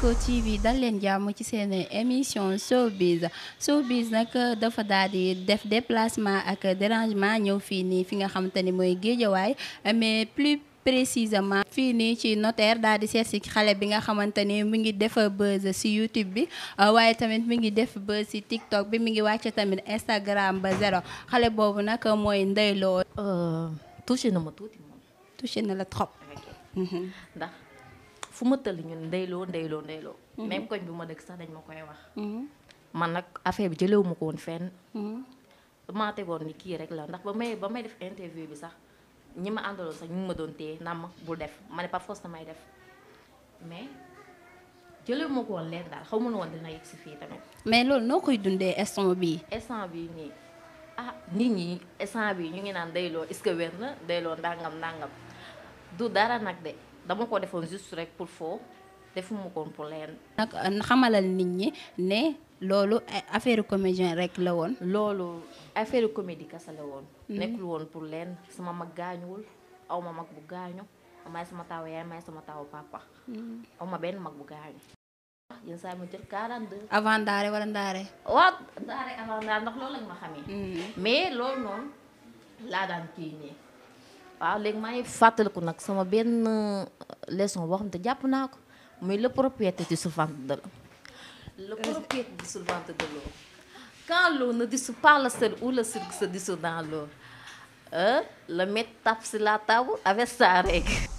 Eco TV dal leen jàmm ci seen émission showbiz showbiz nag dafa daal di def déplacement ak dérangement ñëw fii nii fi nga xamante ni mooy géejawaay mais plus précisément fii nii ci notaire daal di seet si xale bi nga xamante ni mu ngi def buzz si YouTube bi waaye tamit mu ngi def buzz si TikTok bi mu ngi wàcc tamit Instagram ba zéro xale boobu nag mooy Ndeye Lo. Euh, touché na ma trop. Mhm. fu ma tëll ñun ndeyloo ndeyloo ndeyloo mais mhm. koñ bi ma dëkk sax dañ ma koy wax mhm. man nag affaire bi jëlewu ma ko woon fenn mhm. maa tegoon ni kii rek la ndax ba may ba may def interview bi sax ñi ma àndaloon sax ñu ma doon téye ndax ma bul def mane ne par force damay def mais jëlewu ma ko woon leen daal xaw ma woon dina yegg si fii tamit mais loolu noo koy dundee instant bii instant bii nii ah nit ñi instant bii ñu ngi naan dayloo est-ce que wér na dayloo ndàngam ndàngam du dara nag de dama ko defoon juste rek pour foo defuma koon pour leen. nag xamalal nit ñi ne loolu ay eh, affaire comédien rek la woon. loolu affaire comédie kasa la woon. Mhm. nekkul woon pour leen sama mag gaañuwul aw ma mag bu gaañu may sama taaw yaay may sama taaw papa. Mhm. aw benn mag bu gaañu. yenn saa yi ma jël 42. avant ndaare wala ndaare. waaw ndaare avant ndaare ndax loolu lañ ma xamee. Mhm. mais loolu noonu laa daan kii nii. waaw léegi maa ngi fàttaliku nag sama benn leçon boo xam te jàpp naa ko muy le propriété dissout le ventre de l'eau le propriété dissout le ventre de l'eau quand l'eau ne dissout pas le cirque ou le cirque se dissout dans l'eau le maître tape sur la table avec sa